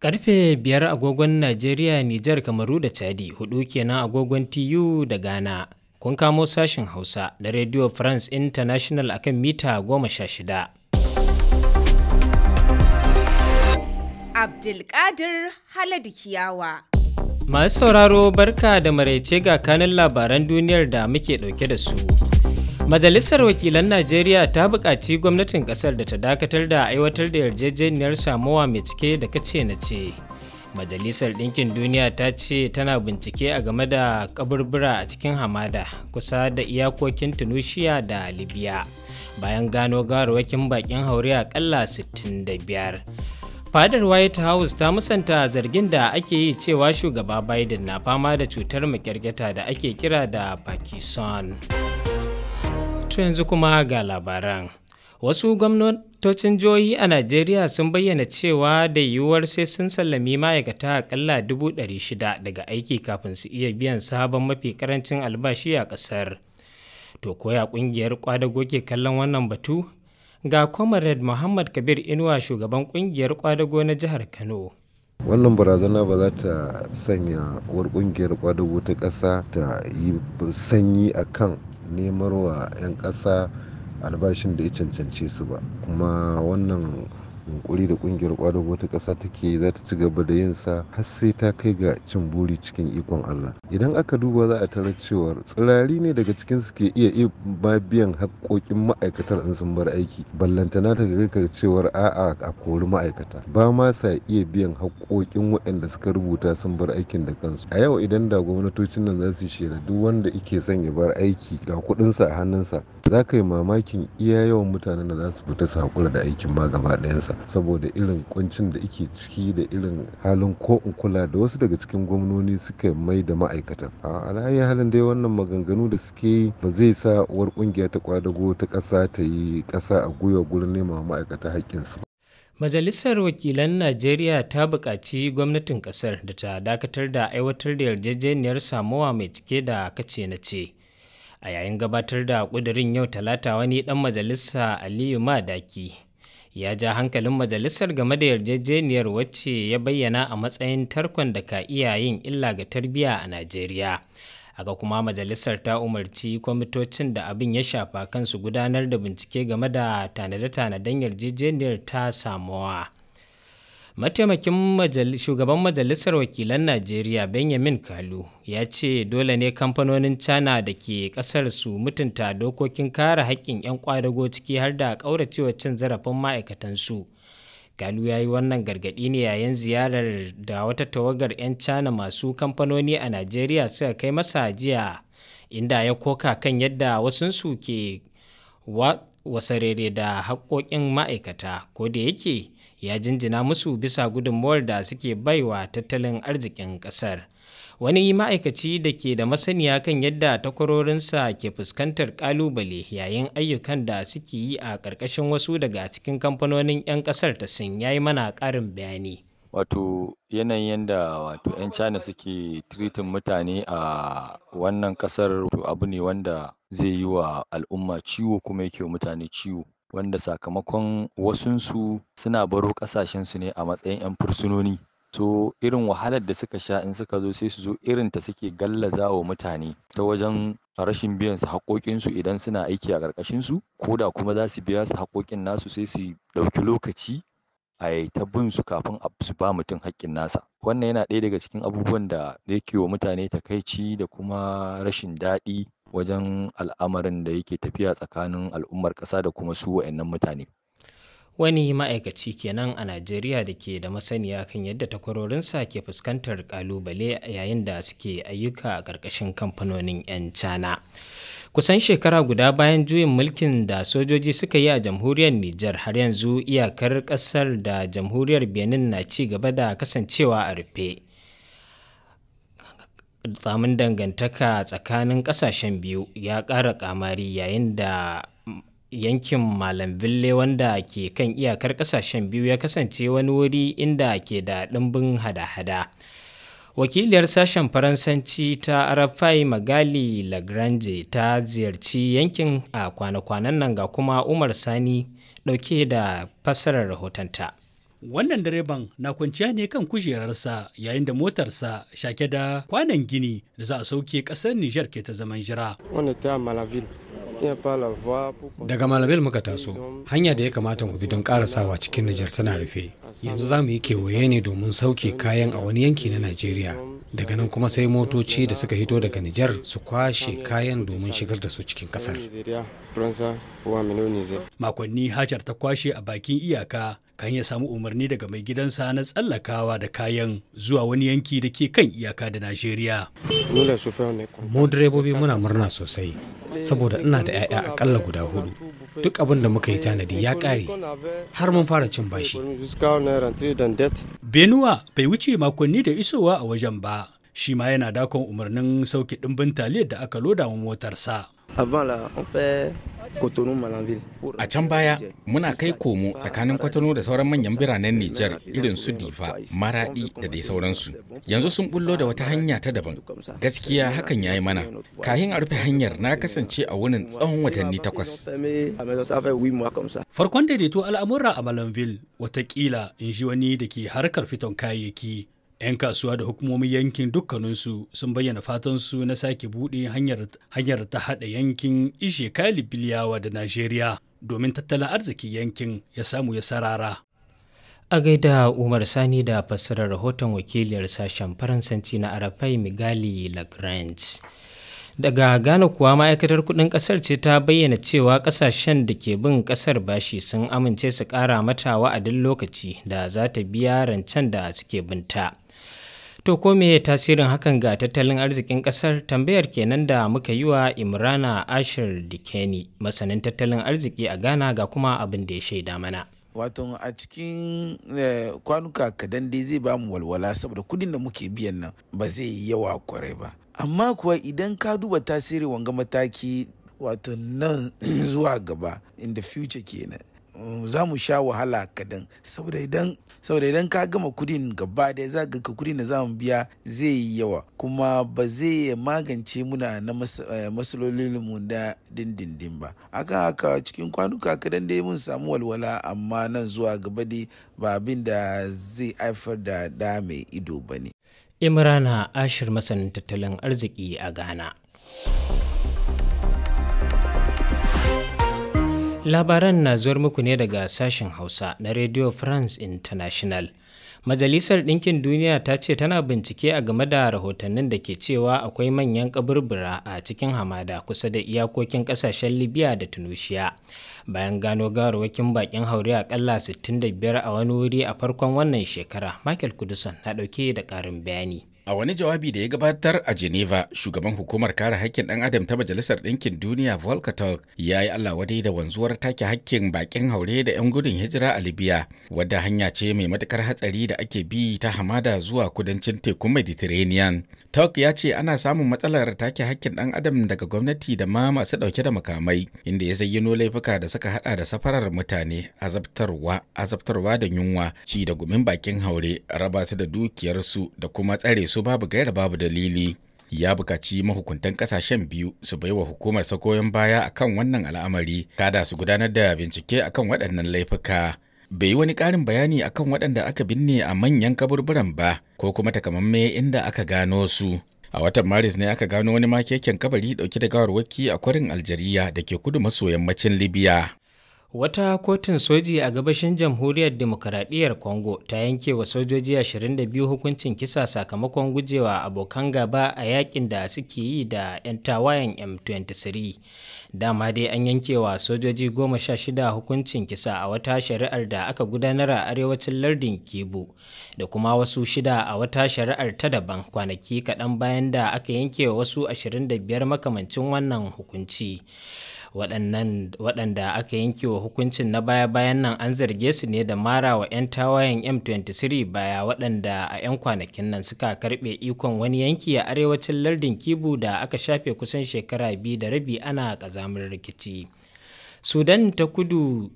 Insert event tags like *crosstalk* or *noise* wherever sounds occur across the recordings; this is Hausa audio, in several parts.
Karfe biyar agogon Najeriya, Nijar, Kamaru da Chadi, hudu kenan agogon TU da Ghana. Kun kamo sashen Hausa da Radio France International akan mita goma sha shida. Abdulkadir Haladikiyawa. Kiyawa. Masu sauraro barka da maraice ga kanin labaran duniyar da muke ɗauke da su. Majalisar Wakilan Najeriya ta buƙaci gwamnatin ƙasar da ta dakatar da aiwatar da yarjejeniyar samuwa mai cike da kace na ce. Majalisar Ɗinkin Duniya ta ce tana bincike a game da kaburbura a cikin hamada kusa da iyakokin Tunisia da Libya bayan gano gawarwakin bakin haure aƙalla 65. fadar white house ta musanta zargin da ake yi cewa shugaba biden na fama da cutar makyargeta da ake kira da pakistan yanzu kuma ga labaran. Wasu gwamnatocin jihohi a Najeriya sun bayyana cewa da yiwuwar sai sun sallami ma'aikata akalla dubu ɗari shida daga aiki kafin su iya biyan sabon mafi karancin albashi a ƙasar. To koya ƙungiyar kwadago ke kallon wannan batu? Ga Comrade Muhammad Kabir Inuwa shugaban ƙungiyar kwadago na jihar Kano. wannan barazana ba za ta sanya war kungiyar kwadago ta ƙasa ta yi sanyi a kan nemarwa wa 'yan ƙasa albashin da ya cancance su ba kuma wannan yunkuri da ƙungiyar ƙwadago wata ƙasa take yi za ta ci gaba da yin sa har sai ta kai ga cin buri cikin ikon Allah idan aka duba za a tarar cewar tsirari ne daga cikin su ke iya ba biyan haƙƙoƙin ma'aikatar in sun bar aiki ballantana ta kai cewar a'a a kori ma'aikata ba ma sa iya biyan haƙƙoƙin waɗanda suka rubuta sun bar aikin da kansu a yau idan da gwamnatocin nan za su shela duk wanda ike son ya bar aiki ga kuɗinsa a hannunsa za ka yi mamakin iya yawan mutanen da za su fita su haƙura da aikin ma gaba ɗayansa saboda irin kuncin da ike ciki da irin halin ko in kula da wasu daga cikin gwamnoni suka mai da ma'aikata a alayi halin dai wannan maganganu da suke yi ba zai sa uwar kungiya ta kwadago ta ƙasa ta yi ƙasa a gwiwa gurin nema ma'aikata haƙƙinsu ba Majalisar Wakilan Najeriya ta bukaci gwamnatin ƙasar da ta dakatar da aiwatar da yarjejeniyar samuwa mai cike da kace na ce. A yayin gabatar da ƙudurin yau talata wani ɗan majalisa Aliyu Madaki ya ja hankalin majalisar game da yarjejeniyar wacce ya bayyana a matsayin tarkon da ka iya yin illa ga tarbiyya a Najeriya. aga kuma majalisar ta umarci kwamitocin da abin ya shafa kansu gudanar da bincike game da tanade-tanaden yarjejeniyar ta samuwa. Mataimakin shugaban Majalisar Wakilan Najeriya Benjamin Kalu ya ce dole ne kamfanonin China da ke kasar su mutunta dokokin kare haƙƙin 'yan kwadago ciki har da ƙauracewa cin zarafin ma'aikatansu. Kalu ya yi wannan gargaɗi ne yayin ziyarar da wata tawagar 'yan China masu kamfanoni a Najeriya suka kai masa jiya inda ya koka kan yadda wasunsu ke wasarere da haƙƙoƙin ma'aikata ko da yake ya jinjina musu bisa gudunmuwar da suke baiwa tattalin arzikin ƙasar. Wani ma'aikaci da ke da masaniya kan yadda takwarorinsa ke fuskantar ƙalubale yayin ayyukan da suke yi a ƙarƙashin wasu daga cikin kamfanonin 'yan ƙasar ta sin ya mana ƙarin bayani. Wato yanayin yadda wato 'yan China suke tiritin mutane a wannan ƙasar abu ne wanda zai yi wa al'umma ciwo kuma yake mutane ciwo. wanda sakamakon wasunsu suna baro ƙasashensu ne a matsayin 'yan fursunoni so irin wahalar da suka sha in suka zo sai su zo irin ta suke gallaza wa mutane ta wajen rashin biyan su haƙoƙinsu idan suna aiki a ƙarƙashin su ko da kuma za su biya su haƙoƙin nasu sai su ɗauki lokaci a ta bin su kafin su ba mutum haƙƙin nasa wannan yana ɗaya daga cikin abubuwan da yake wa mutane takaici da kuma rashin daɗi wajen al'amarin da yake tafiya tsakanin al'ummar ƙasa da kuma su wa'annan mutane. Wani ma'aikaci kenan a Najeriya da ke da masaniya kan yadda takwarorinsa ke fuskantar ƙalubale yayin da suke ayyuka a ƙarƙashin kamfanonin 'yan cana. Kusan shekara guda bayan juyin mulkin da sojoji suka yi a jamhuriyar Nijar har yanzu iyakar ƙasar da jamhuriyar Benin na ci gaba da kasancewa a rufe. tsamin dangantaka tsakanin kasashen biyu ya ƙara kamari yayin da yankin malam bille wanda ke kan iyakar kasashen biyu ya kasance wani wuri inda ke da ɗimbin hada-hada wakiliyar sashen faransanci ta arafai magali lagrange ta ziyarci yankin a kwana-kwanan nan ga kuma umar sani ɗauke da fassarar rahotonta wannan direban na kwanciya ne kan kujerarsa yayin da motarsa shake da kwanan gini da za a sauke ƙasar Nijar ke ta zaman jira. Daga Malabil muka taso, hanya da ya kamata mu bi don karasawa cikin Nijar tana rufe. Yanzu za mu yi kewaye ne domin sauke kayan a wani yanki na Najeriya. Daga nan kuma sai motoci da suka hito daga Nijar su kwashe kayan domin shigar da su cikin kasar. Makonni Hajar ta kwashe a bakin iyaka kan ya samu umarni daga mai gidansa na tsallakawa da kayan zuwa wani yanki da ke kan iyaka da Najeriya. Mu direbobi muna murna sosai saboda ina da 'ya'ya akalla guda hudu. Duk abin da muka yi tanadi ya ƙare har mun fara cin bashi. Benuwa bai wuce makonni da isowa a wajen ba. Shi ma yana dakon umarnin sauke ɗimbin taliyar da aka loda wa motarsa. A can baya muna kai komo tsakanin Kwatano da sauran manyan biranen Nijar irin su Difa, maraɗi da dai sauransu. Yanzu sun bullo da wata hanya ta daban. Gaskiya hakan ya yi mana. Kahin a rufe hanyar na kasance a wurin tsawon watanni takwas. Ah, Farkon daidaito al'amura a Malanville watakila in ji wani da ke harkar fiton kayayyaki 'yan kasuwa da hukumomin yankin dukkaninsu sun bayyana fatansu na sake buɗe hanyar ta haɗa yankin ishe kali biliyawa da najeriya domin tattalin arzikin yankin ya samu ya sarara a gaida umar sani da fassarar rahoton wakiliyar sashen faransanci na arafai migali lagrange daga ghana kuwa ma'aikatar kudin kasar ce ta bayyana cewa kasashen da ke bin kasar bashi sun amince su kara mata wa'adin lokaci da za ta biya rancen da suke binta To ko me tasirin hakan ga tattalin arzikin kasar tambayar kenan da muka yi wa Imrana Ashir Dikeni masanin tattalin arziki a Ghana ga kuma abin da ya shaida mana. Wato a cikin eh, kwanuka kadan dai zai bamu walwala saboda kudin da muke biyan nan ba zai yi yawa kwarai ba. Amma kuwa idan ka duba tasiri wanga mataki wato nan *clears throat* zuwa gaba in the future kenan Mm, za mu sha wahala kadan saboda idan idan ka gama kudin gaba ɗaya za ga ka kudin da za mu biya zai yi yawa kuma ba zai magance muna na eh, matsalolinmu da dindindin ba akan haka cikin kwanuka kadan dai mun samu walwala amma nan zuwa gaba dai ba abin da zai haifar da da mai ido ba ne imrana ashir masanin tattalin arziki a ghana Labaran na zuwar muku ne daga sashen Hausa na Radio France International. Majalisar Ɗinkin Duniya ta ce tana bincike a game da rahotannin da ke cewa akwai manyan kaburbura a cikin hamada kusa da iyakokin ƙasashen Libya da Tunisia, Bayan gano gawarwakin bakin haure da 65 a wani wuri a farkon wannan shekara, Michael Kudusan na ɗauke da ƙarin bayani. A wani jawabi da ya gabatar a Geneva, shugaban hukumar kare haƙƙin ɗan adam ta Majalisar Ɗinkin Duniya Volker Turk ya yi Allah wadai da wanzuwar take haƙƙin baƙin haure da 'yan gudun hijira a Libya, wadda hanya ce mai matuƙar hatsari da ake bi ta hamada zuwa kudancin tekun Mediterranean. Turk ya ce ana samun matsalar take haƙƙin ɗan adam daga gwamnati da ma masu ɗauke da makamai, inda ya zayyano laifuka da suka haɗa da safarar mutane, azabtarwa, azabtarwa da yunwa, ci da gumin baƙin haure, raba su da dukiyarsu da kuma tsare su babu gaira babu dalili ya bukaci mahukuntan kasashen biyu su bai wa hukumar sakoyon baya akan wannan al'amari kada su gudanar da bincike akan waɗannan laifuka bai yi wani ƙarin bayani akan waɗanda aka binne a manyan kaburburan ba ko kuma takamamme inda aka gano su a watan maris ne aka gano wani makeken kabari dauke da gawarwaki a kwarin aljeriya da ke kudu maso yammacin libya Wata kotun soji a gabashin jamhuriyar demokaradiyyar Kongo ta yanke wa sojoji 22 hukuncin kisa sakamakon gujewa abokan gaba a yakin da suke yi da 'yan tawayen M23. Dama dai an yanke wa sojoji 16 hukuncin kisa a wata shari'ar da aka gudanar a arewacin lardin Kibu da kuma wasu shida a wata shari'ar ta daban kwanaki kaɗan bayan da aka yanke wa wasu 25 makamancin wannan hukunci. waɗanda aka yanke wa hukuncin na baya-bayan nan an zarge su ne da mara wa 'yan tawayen m23 baya waɗanda a 'yan kwanakin nan suka karɓe ikon wani yanki a arewacin lardin kibu da aka shafe kusan shekara biyu da rabi ana ƙazamar rikici sudan ta kudu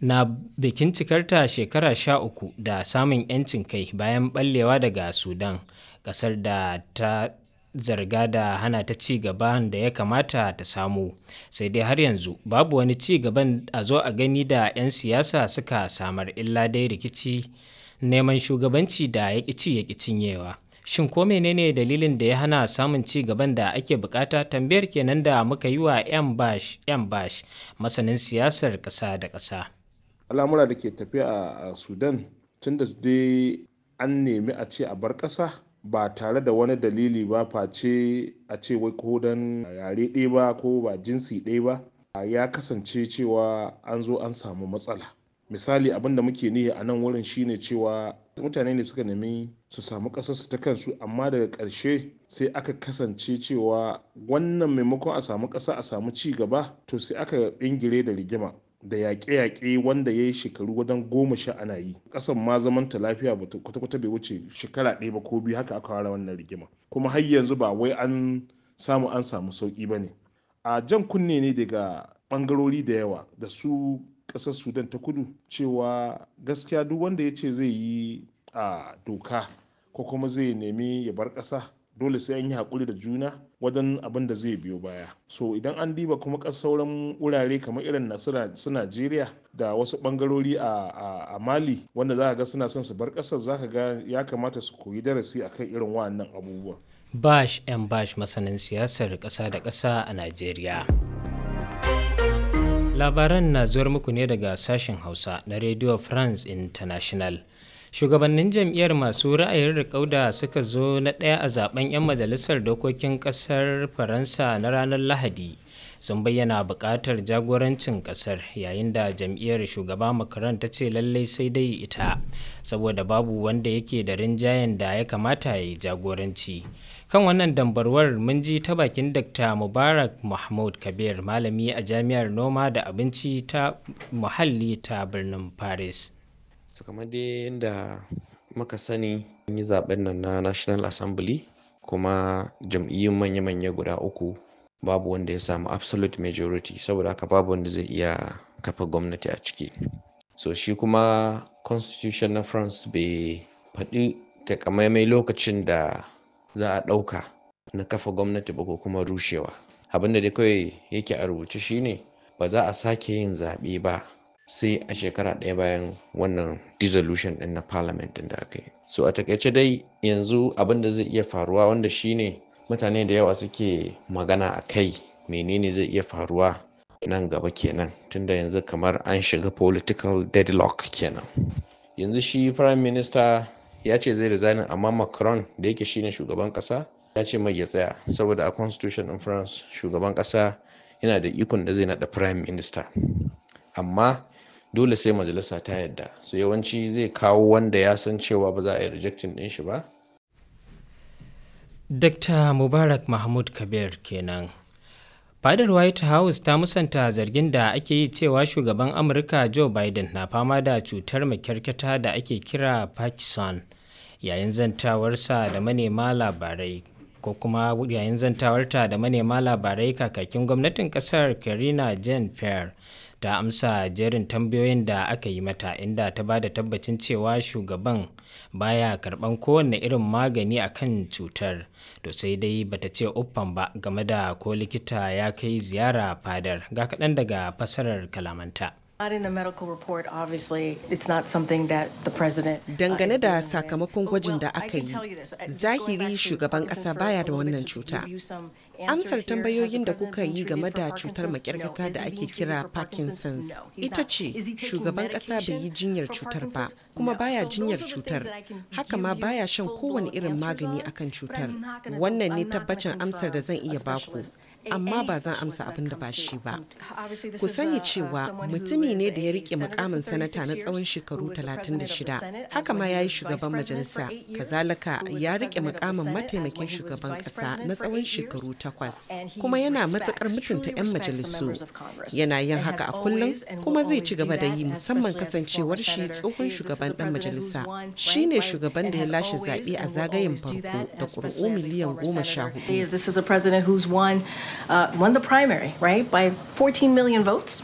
na bikin cikarta shekara sha uku da samun 'yancin kai bayan ɓallewa daga sudan ƙasar da ta zarga da hana ta ci gaban da ya kamata ta samu sai dai har yanzu babu wani ci gaban a zo a gani da 'yan siyasa suka samar illa dai rikici neman shugabanci da ya ci ya cinyewa shin ko menene dalilin da ya hana samun ci gaban da ake bukata tambayar kenan da muka yi wa 'yan bash masanin siyasar kasa da ƙasa al'amura da ke tafiya a sudan tun da dai an nemi a ce a bar kasa. ba tare da wani dalili ba face a ce wai ko dan yare ɗaya ba ko ba jinsi ɗaya ba ya kasance cewa an zo an samu matsala misali abin da muke nihi a nan wurin shine cewa mutane ne suka nemi su samu su ta kansu amma daga ƙarshe sai aka kasance cewa wannan maimakon a samu ƙasa a samu ci gaba to sai aka bingire da rigima da yaƙe-yaƙe wanda ya yi shekaru wajen goma sha ana yi ƙasan ma zamanta lafiya ba kwata-kwata bai wuce shekara ɗaya ba ko biyu haka aka fara wannan rigima kuma har yanzu ba wai an samu an samu sauƙi ba ne a jan kunne ne daga ɓangarori da yawa da su ƙasar sudan ta kudu cewa gaskiya duk wanda ya ce zai yi a doka ko kuma zai nemi ya bar ƙasa dole sai an yi haƙuri da juna wajen abin da zai biyo baya so idan an diba kuma ƙasar sauran wurare kamar irin na su najeriya da wasu ɓangarori a mali wanda za ga suna son su bar ƙasar za ka ga ya kamata su koyi darasi akan irin wannan abubuwan bash yan bash masanin siyasar ƙasa da ƙasa a najeriya labaran na zuwar muku ne daga sashen hausa na radio france international shugabannin jam'iyyar masu ra'ayin rikauda suka zo na ɗaya a zaben 'yan majalisar dokokin ƙasar faransa na ranar lahadi sun bayyana buƙatar jagorancin ƙasar yayin da jam'iyyar shugaba macron ta ce lallai sai dai ita saboda babu wanda yake da rinjayen da ya kamata ya yi jagoranci kan wannan dambarwar mun ji ta bakin dr mubarak mahmud kabir malami a jami'ar noma da abinci ta muhalli ta birnin paris to kamar dai yadda muka sani an yi zaben nan na national assembly kuma jam'iyyun manya-manya guda uku babu wanda ya samu absolute majority saboda haka babu wanda zai iya kafa gwamnati a ciki so shi kuma constitution na france bai faɗi takamaimai lokacin da za a ɗauka na kafa gwamnati ba ko kuma rushewa abinda dai kawai yake a rubuce shine ba za a sake yin zaɓe ba sai a shekara ɗaya bayan wannan dissolution ɗin na parliament ɗin da aka yi so a takaice dai yanzu abin da zai iya faruwa wanda shine mutane da yawa suke magana a kai menene zai iya faruwa nan gaba kenan tunda yanzu kamar an shiga political deadlock kenan yanzu shi prime minister ya ce zai resign amma macron da yake shine shugaban ƙasa, ya ce mai ya tsaya saboda a constitution in france shugaban ƙasa yana da ikon da zai nada prime minister amma dole sai majalisa ta yadda su yawanci zai kawo wanda ya san cewa ba za a yi rejectin din shi ba Dr. Mubarak Mahmud Kabir kenan. Fadar White House ta musanta zargin da ake yi cewa shugaban Amurka Joe Biden na fama da cutar makyarkata da ake kira pakistan yayin zantawarsa da manema labarai ko kuma yayin zantawarta da manema labarai kakakin gwamnatin kasar Karina Jean Pierre ta amsa jerin tambayoyin da aka yi mata inda ta ba da tabbacin cewa shugaban baya karban kowane irin magani a kan cutar to sai dai bata ce uffan ba game da ko likita ya kai ziyara fadar ga kaɗan daga fasarar kalamanta Uh, Dangane da sakamakon gwajin da aka yi, uh, zahiri shugaban ƙasa baya da wannan cuta. Amsar tambayoyin da kuka yi game da cutar makirkata da ake kira Parkinson's ita ce shugaban ƙasa bai yi jinyar cutar ba, kuma baya jinyar cutar, haka ma baya shan kowane irin magani akan cutar. Wannan ne tabbacin amsar da zan iya baku. amma ba zan amsa abin da ba shi ba. Ku sani uh, cewa mutumi ne da ya rike mukamin sanata na tsawon shekaru 36, haka ma ya yi shugaban majalisa, kazalika ya rike mukamin mataimakin shugaban ƙasa na tsawon shekaru takwas. Kuma yana matukar mutunta 'yan majalisu. Yana yin haka a kullum kuma zai ci gaba da yi musamman kasancewar shi tsohon shugaban ɗan majalisa. Shi ne shugaban da ya lashe zaɓe a zagayen farko da ƙuri'u miliyan goma sha hudu. uh, won the primary, right, by 14 million votes.